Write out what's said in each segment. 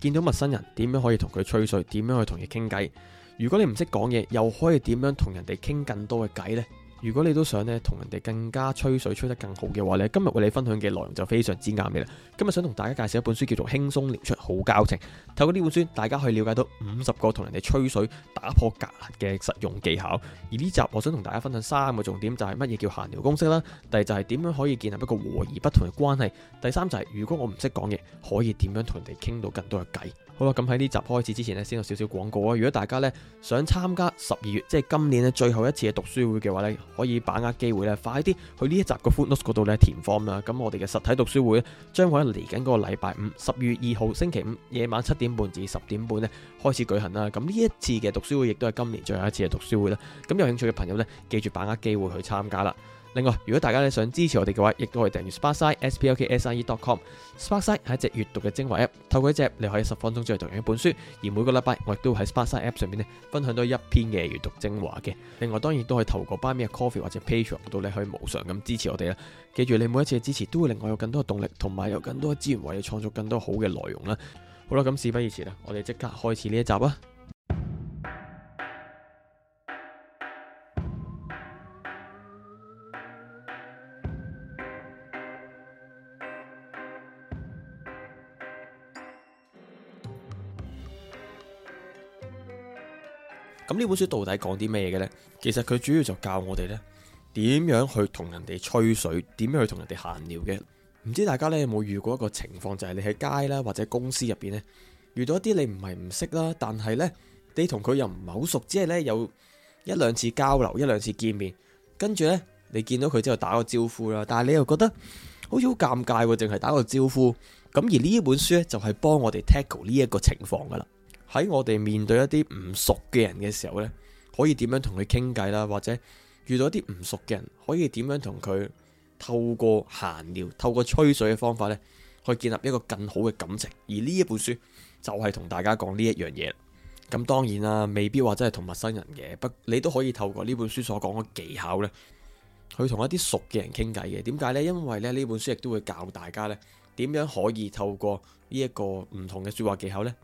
見到陌生人點樣可以同佢吹水，點樣去同佢傾偈？如果你唔識講嘢，又可以點樣同人哋傾更多嘅偈呢？如果你都想咧同人哋更加吹水，吹得更好嘅話呢，今日為你分享嘅內容就非常之啱你啦。今日想同大家介紹一本書，叫做《輕鬆聊出好交情》。透過呢本書，大家可以了解到五十個同人哋吹水打破隔閡嘅實用技巧。而呢集我想同大家分享三個重點，就係乜嘢叫閒聊公式啦，第二就係點樣可以建立一個和而不同嘅關係，第三就係如果我唔識講嘢，可以點樣同人哋傾到更多嘅偈。好啦，咁喺呢集開始之前呢，先有少少廣告啊！如果大家呢想參加十二月，即係今年呢最後一次嘅讀書會嘅話呢，可以把握機會呢，快啲去呢一集嘅 footnotes 嗰度呢填 form 啦。咁我哋嘅實體讀書會呢，將會喺嚟緊嗰個禮拜五，十二月二號星期五，星期五夜晚七點半至十點半呢開始舉行啦。咁呢一次嘅讀書會亦都係今年最後一次嘅讀書會啦。咁有興趣嘅朋友呢，記住把握機會去參加啦。另外，如果大家咧想支持我哋嘅話，亦都可以訂閱 Sparksine, s p a r k s i n e dot com。Sparksine 係一隻閱讀嘅精華 app，透過一隻你可以十分鐘之內讀完一本書。而每個禮拜我亦都喺 Sparksine app 上面咧分享多一篇嘅閱讀精華嘅。另外，當然都可以投過 Buy Me a Coffee 或者 Patreon 嗰度咧，可以無償咁支持我哋啦。記住，你每一次嘅支持都會令我有更多嘅動力，同埋有更多嘅資源，為你創作更多好嘅內容啦。好啦，咁事不宜遲啦，我哋即刻開始呢一集啊！呢本書到底講啲咩嘅呢？其實佢主要就教我哋呢點樣去同人哋吹水，點樣去同人哋閒聊嘅。唔知大家呢有冇遇過一個情況，就係你喺街啦或者公司入邊呢，遇到一啲你唔係唔識啦，但係呢你同佢又唔係好熟，即係呢有一兩次交流，一兩次見面，跟住呢，你見到佢之後打個招呼啦，但係你又覺得好似好尷尬喎，淨係打個招呼。咁而呢本書呢，就係幫我哋 tackle 呢一個情況噶啦。喺我哋面對一啲唔熟嘅人嘅時候呢，可以點樣同佢傾偈啦？或者遇到一啲唔熟嘅人，可以點樣同佢透過閒聊、透過吹水嘅方法呢？去建立一個更好嘅感情。而呢一本書就係同大家講呢一樣嘢。咁當然啦，未必話真係同陌生人嘅，不你都可以透過呢本書所講嘅技巧呢，去同一啲熟嘅人傾偈嘅。點解呢？因為呢，呢本書亦都會教大家呢，點樣可以透過呢一個唔同嘅說話技巧呢，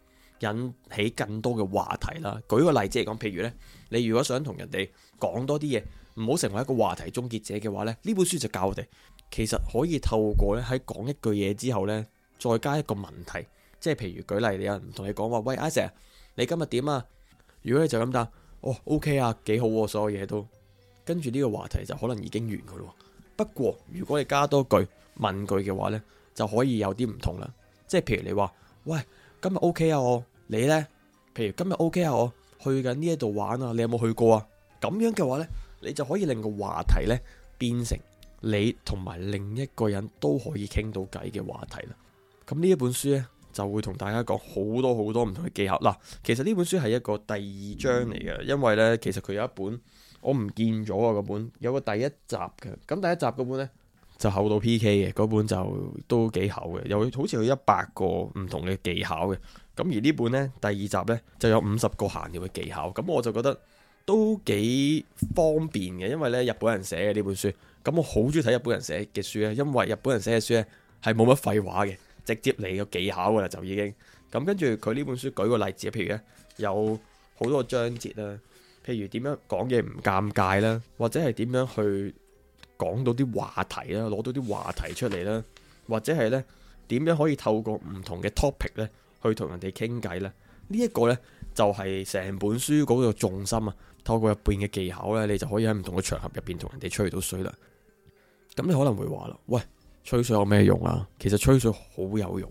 引起更多嘅話題啦。舉個例子嚟講，譬如呢：你如果想同人哋講多啲嘢，唔好成為一個話題終結者嘅話咧，呢本書就教我哋，其實可以透過咧喺講一句嘢之後呢，再加一個問題，即係譬如舉例，你有人同你講話，喂，阿 Sir，你今日點啊？如果你就咁答，哦，OK 啊，幾好喎，啊，所有嘢都跟住呢個話題就可能已經完佢咯。不過如果你加多句問句嘅話呢，就可以有啲唔同啦。即係譬如你話，喂。今日 OK 啊我，你呢？譬如今日 OK 啊我去緊呢一度玩啊，你有冇去過啊？咁樣嘅話呢，你就可以令個話題呢變成你同埋另一個人都可以傾到偈嘅話題啦。咁呢一本書呢，就會同大家講好多好多唔同嘅技巧。嗱，其實呢本書係一個第二章嚟嘅，因為呢，其實佢有一本我唔見咗啊，嗰本有個第一集嘅，咁第一集嗰本呢。就厚到 P.K. 嘅嗰本就都幾厚嘅，又好似有一百個唔同嘅技巧嘅，咁而呢本呢，第二集呢就有五十個閒聊嘅技巧，咁我就覺得都幾方便嘅，因為咧日本人寫嘅呢本書，咁我好中意睇日本人寫嘅書啊，因為日本人寫嘅書咧係冇乜廢話嘅，直接嚟個技巧噶啦就已經，咁跟住佢呢本書舉個例子，譬如咧有好多章節啦，譬如點樣講嘢唔尷尬啦，或者係點樣去。講到啲話題啦，攞到啲話題出嚟啦，或者係呢點樣可以透過唔同嘅 topic 呢去同人哋傾偈呢？呢，呢一個呢，就係成本書嗰個重心啊！透過入邊嘅技巧呢，你就可以喺唔同嘅場合入邊同人哋吹到水啦。咁你可能會話咯，喂，吹水有咩用啊？其實吹水好有用，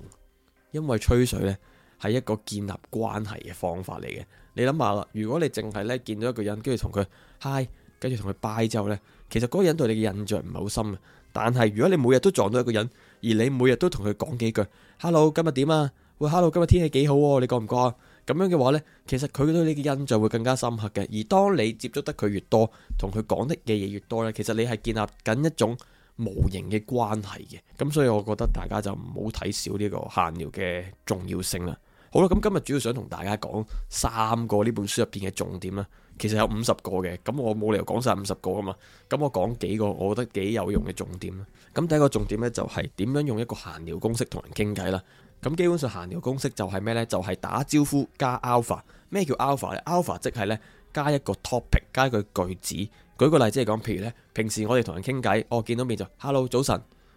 因為吹水呢係一個建立關係嘅方法嚟嘅。你諗下啦，如果你淨係呢見到一個人，跟住同佢嗨。跟住同佢拜之後呢，其實嗰個人對你嘅印象唔係好深嘅。但係如果你每日都撞到一個人，而你每日都同佢講幾句，Hello 今日點啊？喂，Hello 今日天氣幾好哦、啊，你覺唔覺啊？咁樣嘅話呢，其實佢對你嘅印象會更加深刻嘅。而當你接觸得佢越多，同佢講的嘢越多呢，其實你係建立緊一種無形嘅關係嘅。咁所以我覺得大家就唔好睇少呢個閒聊嘅重要性啦。好啦，咁今日主要想同大家講三個呢本書入邊嘅重點啦。其實有五十個嘅，咁我冇理由講晒五十個噶嘛，咁我講幾個我覺得幾有用嘅重點啦。咁第一個重點呢，就係點樣用一個閑聊公式同人傾偈啦。咁基本上閑聊公式就係咩呢？就係打招呼加 alpha。咩叫 alpha 呢？alpha 即係呢，加一個 topic，加一個句子。舉個例子嚟講，譬如呢，平時我哋同人傾偈，我見到面就 hello 早晨，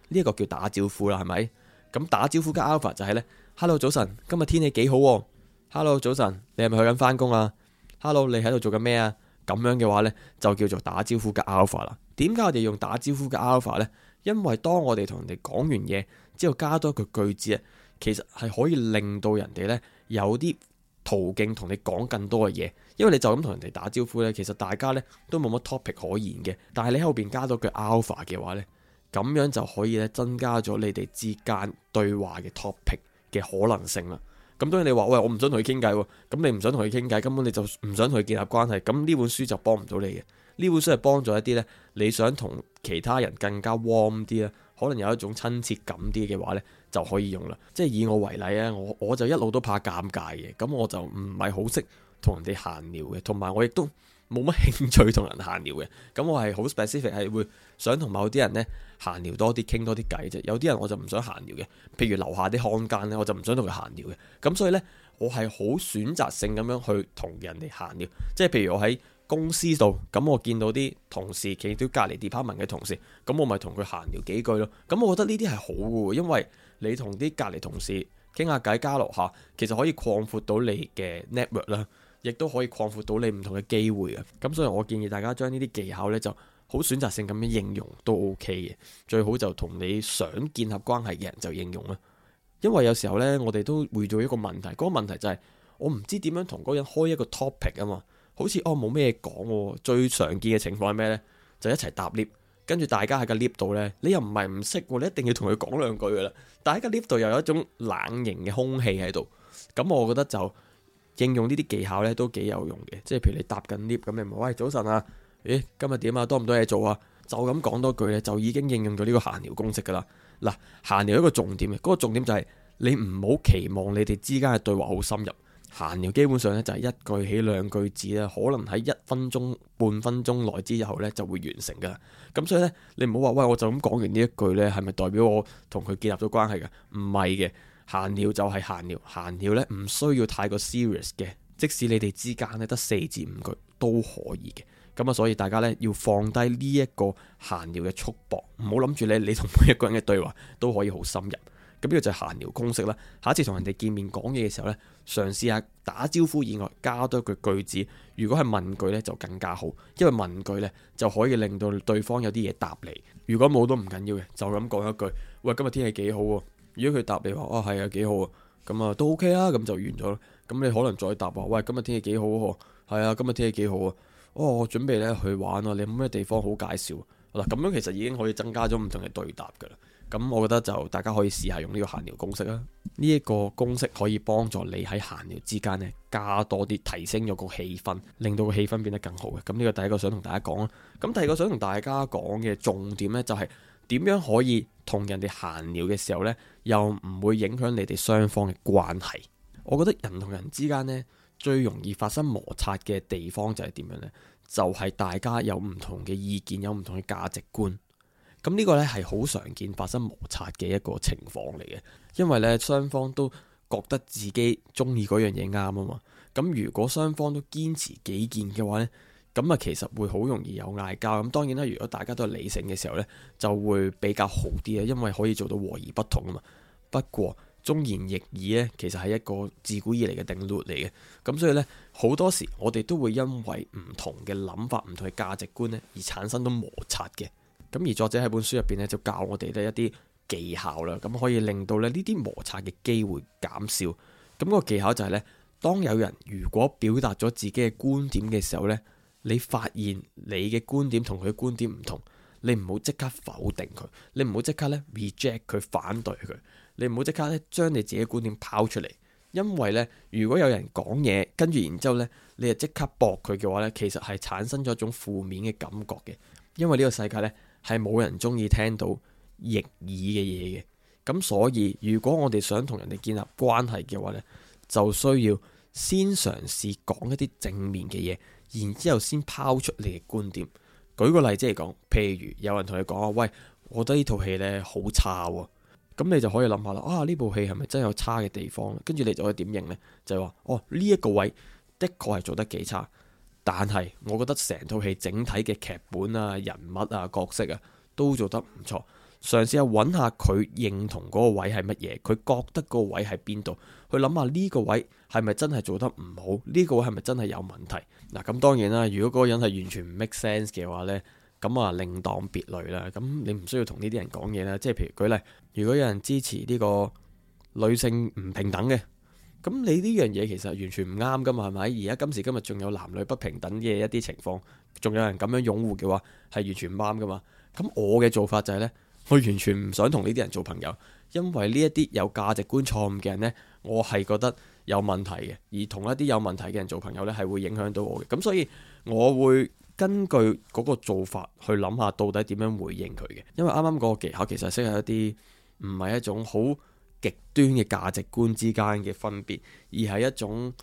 呢一個叫打招呼啦，係咪？咁打招呼加 alpha 就係呢：「hello 早晨，今日天氣幾好啊？hello 早晨，你係咪去緊返工啊？Hello，你喺度做緊咩啊？咁樣嘅話呢，就叫做打招呼嘅 alpha 啦。點解我哋用打招呼嘅 alpha 呢？因為當我哋同人哋講完嘢之後加多句句子啊，其實係可以令到人哋呢有啲途徑同你講更多嘅嘢。因為你就咁同人哋打招呼呢，其實大家呢都冇乜 topic 可言嘅。但係你喺後邊加多句 alpha 嘅話呢，咁樣就可以咧增加咗你哋之間對話嘅 topic 嘅可能性啦。咁當然你話喂，我唔想同佢傾偈，咁你唔想同佢傾偈，根本你就唔想同佢建立關係，咁呢本書就幫唔到你嘅。呢本書係幫助一啲呢，你想同其他人更加 warm 啲啊，可能有一種親切感啲嘅話呢，就可以用啦。即係以我為例啊，我我就一路都怕尷尬嘅，咁我就唔係好識同人哋閒聊嘅，同埋我亦都，冇乜興趣同人閒聊嘅，咁我係好 specific 係會想同某啲人呢閒聊多啲，傾多啲偈啫。有啲人我就唔想閒聊嘅，譬如樓下啲看更呢，我就唔想同佢閒聊嘅。咁所以呢，我係好選擇性咁樣去同人哋閒聊。即係譬如我喺公司度，咁我見到啲同事企喺隔離 department 嘅同事，咁我咪同佢閒聊幾句咯。咁我覺得呢啲係好嘅，因為你同啲隔離同事傾下偈交流下，其實可以擴闊到你嘅 network 啦。亦都可以擴闊到你唔同嘅機會嘅，咁所以我建議大家將呢啲技巧呢就好選擇性咁樣應用都 OK 嘅，最好就同你想建立關係嘅人就應用啦。因為有時候呢，我哋都會遇到一個問題，嗰個問題就係我唔知點樣同嗰人開一個 topic 啊嘛，好似哦，冇咩講，最常見嘅情況係咩呢？就一齊搭 lift，跟住大家喺個 lift 度呢，你又唔係唔識，你一定要同佢講兩句噶啦，但喺個 lift 度又有一種冷凝嘅空氣喺度，咁我覺得就，應用呢啲技巧咧都幾有用嘅，即係譬如你搭緊 lift 咁，你唔好喂，早晨啊，咦，今日點啊？多唔多嘢做啊？就咁講多句咧就已經應用咗呢個閒聊公式噶啦。嗱，閒聊一個重點嘅，嗰個重點就係你唔好期望你哋之間嘅對話好深入，閒聊基本上咧就係一句起兩句止咧，可能喺一分鐘、半分鐘內之後咧就會完成噶啦。咁所以咧，你唔好話喂，我就咁講完呢一句咧，係咪代表我同佢建立咗關係噶？唔係嘅。閒聊就係閒聊，閒聊咧唔需要太過 serious 嘅，即使你哋之間咧得四至五句都可以嘅。咁啊，所以大家咧要放低呢一個閒聊嘅束縛，唔好諗住咧你同每一個人嘅對話都可以好深入。咁呢個就係閒聊公式啦。下一次同人哋見面講嘢嘅時候咧，嘗試下打招呼以外加多一句句子。如果係問句咧就更加好，因為問句咧就可以令到對方有啲嘢答你。如果冇都唔緊要嘅，就咁講一句：喂，今日天氣幾好啊。如果佢答你話、哦嗯、啊，係啊，幾好啊，咁啊都 OK 啦，咁就完咗咯。咁、嗯、你可能再答話，喂，今日天氣幾好啊？係啊，今日天氣幾好啊？哦，我準備咧去玩咯。你有冇咩地方好介紹？嗱、嗯，咁樣其實已經可以增加咗唔同嘅對答噶啦。咁、嗯、我覺得就大家可以試下用呢個閒聊公式啊。呢、這、一個公式可以幫助你喺閒聊之間呢加多啲提升咗個氣氛，令到個氣氛變得更好嘅。咁、嗯、呢、這個第一個想同大家講啦。咁、嗯、第二個想同大家講嘅重點呢，就係、是、點樣可以同人哋閒聊嘅時候呢。又唔會影響你哋雙方嘅關係。我覺得人同人之間呢，最容易發生摩擦嘅地方就係點樣呢？就係大家有唔同嘅意見，有唔同嘅價值觀。咁呢個呢，係好常見發生摩擦嘅一個情況嚟嘅，因為呢，雙方都覺得自己中意嗰樣嘢啱啊嘛。咁如果雙方都堅持己見嘅話呢。咁啊，其實會好容易有嗌交。咁當然啦，如果大家都係理性嘅時候呢，就會比較好啲啊，因為可以做到和而不同啊嘛。不過忠言逆耳呢，其實係一個自古以嚟嘅定律嚟嘅。咁所以呢，好多時我哋都會因為唔同嘅諗法、唔同嘅價值觀呢，而產生到摩擦嘅。咁而作者喺本書入邊呢，就教我哋呢一啲技巧啦，咁可以令到呢呢啲摩擦嘅機會減少。咁個技巧就係呢：當有人如果表達咗自己嘅觀點嘅時候呢。你發現你嘅觀點同佢嘅觀點唔同，你唔好即刻否定佢，你唔好即刻咧 reject 佢，反對佢，你唔好即刻咧將你自己嘅觀點拋出嚟，因為咧如果有人講嘢跟住，然之後咧你就即刻駁佢嘅話咧，其實係產生咗一種負面嘅感覺嘅，因為呢個世界咧係冇人中意聽到逆耳嘅嘢嘅，咁所以如果我哋想同人哋建立關係嘅話咧，就需要先嘗試講一啲正面嘅嘢。然之後先拋出你嘅觀點，舉個例子嚟講，譬如有人同你講啊，喂，我覺得呢套戲呢好差喎。哦，咁你就可以諗下啦。啊，呢部戲係咪真係有差嘅地方？跟住你就可以點認呢，就係、是、話哦呢一、這個位的確係做得幾差，但係我覺得成套戲整體嘅劇本啊、人物啊、角色啊都做得唔錯。嘗試下搵下佢認同嗰個位係乜嘢，佢覺得個位喺邊度，去諗下呢個位係咪真係做得唔好？呢、這個位係咪真係有問題？嗱咁當然啦，如果嗰個人係完全唔 make sense 嘅話咧，咁啊另當別類啦。咁你唔需要同呢啲人講嘢啦。即係譬如舉例，如果有人支持呢個女性唔平等嘅，咁你呢樣嘢其實完全唔啱噶嘛，係咪？而家今時今日仲有男女不平等嘅一啲情況，仲有人咁樣擁護嘅話，係完全唔啱噶嘛。咁我嘅做法就係呢：我完全唔想同呢啲人做朋友，因為呢一啲有價值觀錯誤嘅人呢，我係覺得有問題嘅，而同一啲有問題嘅人做朋友呢係會影響到我嘅。咁所以我會根據嗰個做法去諗下到底點樣回應佢嘅。因為啱啱嗰個技巧其實適合一啲唔係一種好極端嘅價值觀之間嘅分別，而係一種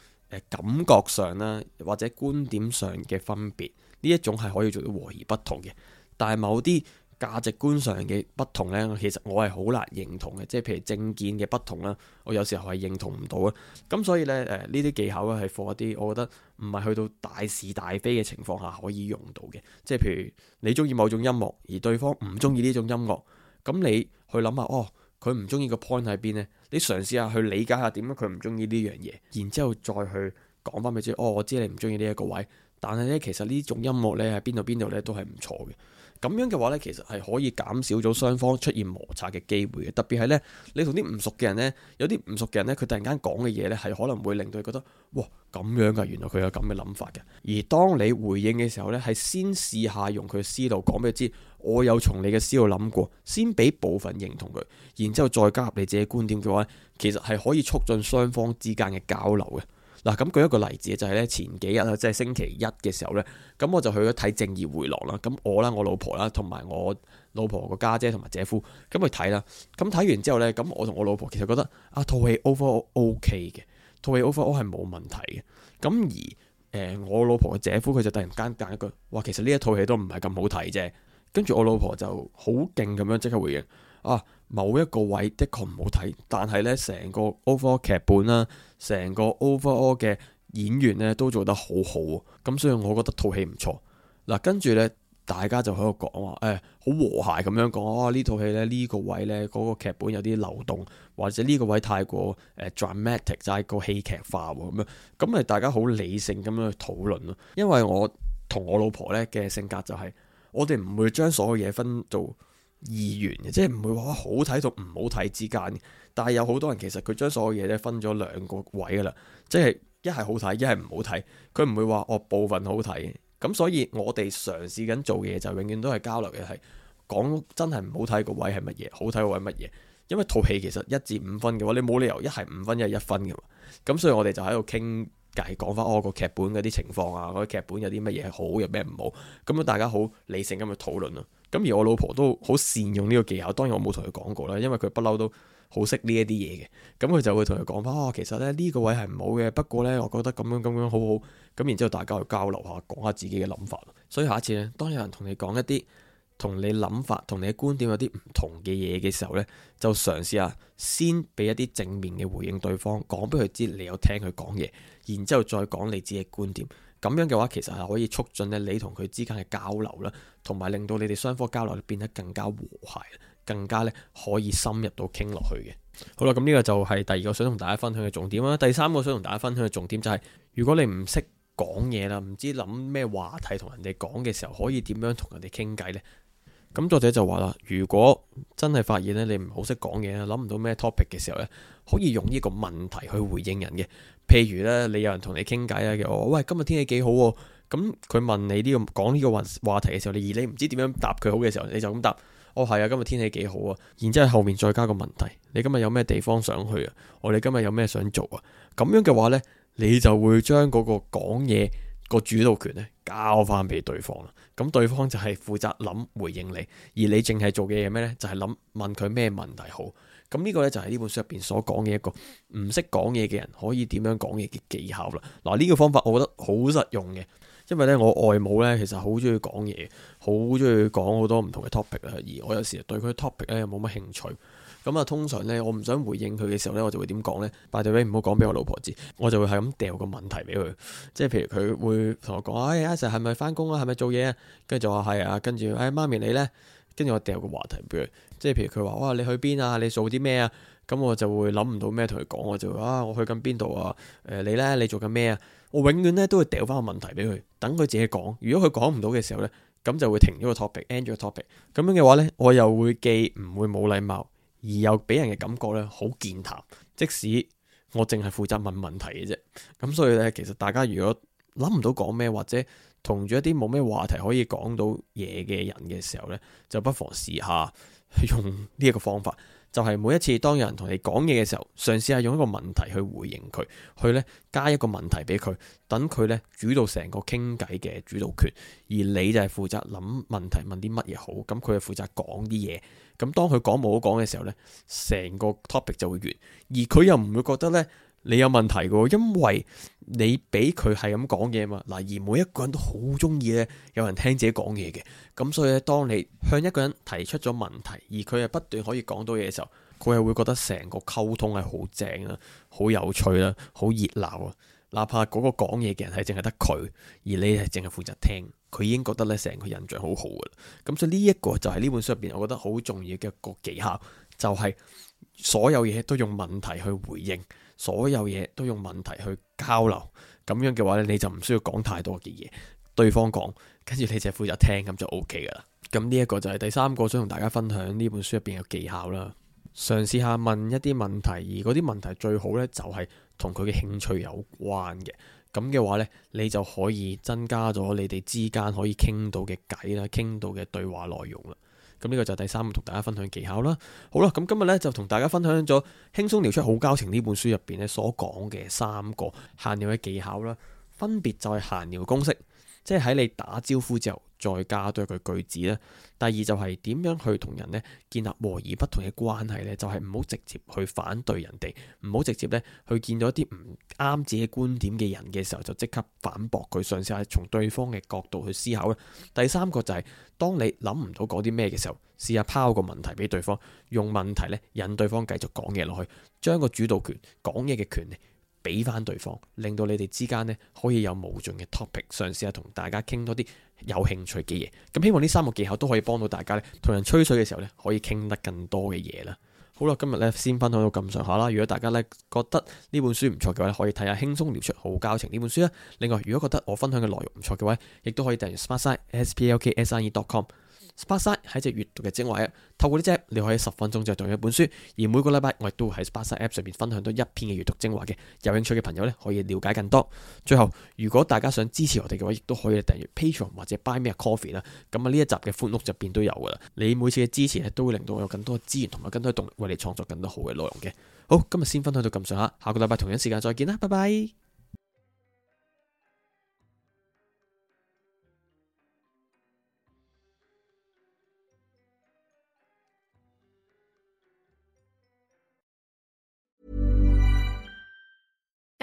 感覺上啦或者觀點上嘅分別。呢一種係可以做到和而不同嘅，但係某啲。價值觀上嘅不同呢，其實我係好難認同嘅，即係譬如政見嘅不同啦，我有時候係認同唔到啊。咁所以呢，誒呢啲技巧咧係放一啲，我覺得唔係去到大是大非嘅情況下可以用到嘅。即係譬如你中意某種音樂，而對方唔中意呢種音樂，咁你去諗下，哦，佢唔中意個 point 喺邊呢？你嘗試下去理解下點樣佢唔中意呢樣嘢，然之後再去講翻俾佢知。哦，我知你唔中意呢一個位，但係呢，其實呢種音樂呢，喺邊度邊度呢，都係唔錯嘅。咁樣嘅話呢，其實係可以減少咗雙方出現摩擦嘅機會嘅。特別係呢，你同啲唔熟嘅人呢，有啲唔熟嘅人呢，佢突然間講嘅嘢呢，係可能會令到佢覺得哇咁樣噶，原來佢有咁嘅諗法嘅。而當你回應嘅時候呢，係先試下用佢嘅思路講俾佢知，我有從你嘅思路諗過，先俾部分認同佢，然之後再加入你自己觀點嘅話，其實係可以促進雙方之間嘅交流嘅。嗱咁，舉一個例子就係咧，前幾日啦，即係星期一嘅時候咧，咁我就去咗睇《正義回廊》啦。咁我啦，我老婆啦，同埋我老婆個家姐同埋姐夫咁去睇啦。咁睇完之後咧，咁我同我老婆其實覺得啊，套戲 over OK 嘅，套戲 over OK 係冇問題嘅。咁而誒，我老婆嘅姐夫佢就突然間講一句：哇，其實呢一套戲都唔係咁好睇啫。跟住我老婆就好勁咁樣即刻回應：啊！某一個位的確唔好睇，但係呢成個 overall 劇本啦，成個 overall 嘅演員呢都做得好好，咁所以我覺得套戲唔錯。嗱、啊，跟住呢大家就喺度講話，誒、哎，好和諧咁樣講啊呢套戲呢，呢、這個位呢，嗰、那個劇本有啲漏洞，或者呢個位太過、uh, dramatic，就係個戲劇化咁樣，咁咪大家好理性咁樣去討論咯。因為我同我老婆呢嘅性格就係、是，我哋唔會將所有嘢分做。二元嘅，即係唔會話好睇同唔好睇之間。但係有好多人其實佢將所有嘢咧分咗兩個位噶啦，即係一係好睇，一係唔好睇。佢唔會話哦部分好睇。咁所以我哋嘗試緊做嘅嘢就永遠都係交流嘅，係講真係唔好睇個位係乜嘢，好睇個位乜嘢。因為套戲其實一至五分嘅話，你冇理由一係五分，一係一分嘅嘛。咁所以我哋就喺度傾偈講翻我個劇本嗰啲情況啊，嗰啲劇本有啲乜嘢好，有咩唔好。咁樣大家好理性咁去討論咯。咁而我老婆都好善用呢個技巧，當然我冇同佢講過啦，因為佢不嬲都好識呢一啲嘢嘅，咁佢就會同佢講返，哇、哦，其實咧呢、呢個位係唔好嘅，不過呢，我覺得咁樣咁樣，樣好好，咁然之後大家去交流下，講下自己嘅諗法。所以下一次呢，當有人同你講一啲同你諗法，同你觀點有啲唔同嘅嘢嘅時候呢，就嘗試下先俾一啲正面嘅回應對方，講俾佢知你有聽佢講嘢，然之後再講你自己嘅觀點。咁樣嘅話，其實係可以促進咧你同佢之間嘅交流啦，同埋令到你哋雙方交流咧變得更加和諧，更加咧可以深入到傾落去嘅。好啦，咁呢個就係第二個想同大家分享嘅重點啦。第三個想同大家分享嘅重點就係，如果你唔識講嘢啦，唔知諗咩話題同人哋講嘅時候，可以點樣同人哋傾偈呢？咁作者就話啦，如果真係發現咧你唔好識講嘢啊，諗唔到咩 topic 嘅時候咧，可以用呢個問題去回應人嘅。譬如咧，你有人同你傾偈啊，嘅我喂，今日天氣幾好啊？咁佢問你呢個講呢個話話題嘅時候，你而你唔知點樣答佢好嘅時候，你就咁答：哦，係啊，今日天氣幾好啊。然之後後面再加個問題：你今日有咩地方想去啊？我哋今日有咩想做啊？咁樣嘅話呢，你就會將嗰個講嘢個主導權咧，交翻俾對方啦。咁對方就係負責諗回應你，而你淨係做嘅嘢咩呢？就係諗問佢咩問題好。咁呢個呢，就係呢本書入邊所講嘅一個唔識講嘢嘅人可以點樣講嘢嘅技巧啦。嗱、這、呢個方法我覺得好實用嘅，因為呢，我外母呢，其實好中意講嘢，好中意講好多唔同嘅 topic 啊。而我有時對佢 topic 呢，又冇乜興趣，咁啊通常呢，我唔想回應佢嘅時候呢，我就會點講呢？「By the way 唔好講俾我老婆知，我就會係咁掉個問題俾佢，即係譬如佢會同我講：，哎阿 Sir 係咪返工啊？係咪做嘢啊？跟住就話係啊，跟住哎媽咪你呢。」跟住我掉個話題俾佢，即係譬如佢話，哇你去邊啊，你做啲咩啊？咁我就會諗唔到咩同佢講，我就話，啊我去緊邊度啊？誒、呃、你呢？你做緊咩啊？我永遠呢都會掉翻個問題俾佢，等佢自己講。如果佢講唔到嘅時候呢，咁就會停咗個 topic，end 咗個 topic。咁樣嘅話呢，我又會既唔會冇禮貌，而又俾人嘅感覺呢好健談。即使我淨係負責問問題嘅啫，咁所以咧其實大家如果諗唔到講咩或者。同住一啲冇咩話題可以講到嘢嘅人嘅時候呢，就不妨試下用呢一個方法，就係、是、每一次當有人同你講嘢嘅時候，嘗試下用一個問題去回應佢，去呢加一個問題俾佢，等佢呢主導成個傾偈嘅主導權，而你就係負責諗問題問啲乜嘢好，咁佢係負責講啲嘢。咁當佢講冇得講嘅時候呢，成個 topic 就會完，而佢又唔會覺得呢。你有問題嘅，因為你俾佢係咁講嘢嘛。嗱，而每一個人都好中意咧，有人聽自己講嘢嘅。咁所以咧，當你向一個人提出咗問題，而佢係不斷可以講到嘢嘅時候，佢係會覺得成個溝通係好正啊，好有趣啊，好熱鬧啊。哪怕嗰個講嘢嘅人係淨係得佢，而你係淨係負責聽，佢已經覺得咧成個印象好好嘅啦。咁所以呢一個就係呢本書入邊，我覺得好重要嘅一個技巧，就係所有嘢都用問題去回應。所有嘢都用問題去交流，咁樣嘅話呢，你就唔需要講太多嘅嘢，對方講，跟住你只負責聽咁就 OK 噶啦咁呢一個就係第三個想同大家分享呢本書入邊嘅技巧啦。嘗試下問一啲問題，而嗰啲問題最好呢，就係同佢嘅興趣有關嘅，咁嘅話呢，你就可以增加咗你哋之間可以傾到嘅偈啦，傾到嘅對話內容啦。咁呢個就第三個同大家分享技巧啦。好啦，咁今日呢，就同大家分享咗《輕鬆聊出好交情》呢本書入邊呢所講嘅三個閒聊嘅技巧啦，分別就係閒聊公式。即係喺你打招呼之後，再加多句句子啦。第二就係點樣去同人咧建立和而不同嘅關係呢？就係唔好直接去反對人哋，唔好直接呢去見到一啲唔啱自己觀點嘅人嘅時候，就即刻反駁佢。嘗試下從對方嘅角度去思考啦。第三個就係、是、當你諗唔到講啲咩嘅時候，試下拋個問題俾對方，用問題呢引對方繼續講嘢落去，將個主導權、講嘢嘅權力。俾翻對方，令到你哋之間咧可以有無盡嘅 topic，嘗試下同大家傾多啲有興趣嘅嘢。咁希望呢三個技巧都可以幫到大家咧，同人吹水嘅時候咧可以傾得更多嘅嘢啦。好啦，今日呢，先分享到咁上下啦。如果大家呢覺得呢本書唔錯嘅話，可以睇下《輕鬆聊出好交情》呢本書啦。另外，如果覺得我分享嘅內容唔錯嘅話，亦都可以訂閱 splksire.com。Sparkside 係一隻閱讀嘅精華啊，透過呢隻 app 你可以十分鐘就讀一本書，而每個禮拜我亦都會喺 Sparkside app 上面分享到一篇嘅閱讀精華嘅。有興趣嘅朋友咧可以了解更多。最後，如果大家想支持我哋嘅話，亦都可以訂閱 Patreon 或者 Buy Me a Coffee 啦。咁啊，呢一集嘅歡屋入邊都有噶啦。你每次嘅支持咧，都會令到我有更多嘅資源同埋更多嘅動力為你創作更多好嘅內容嘅。好，今日先分享到咁上下，下個禮拜同樣時間再見啦，拜拜。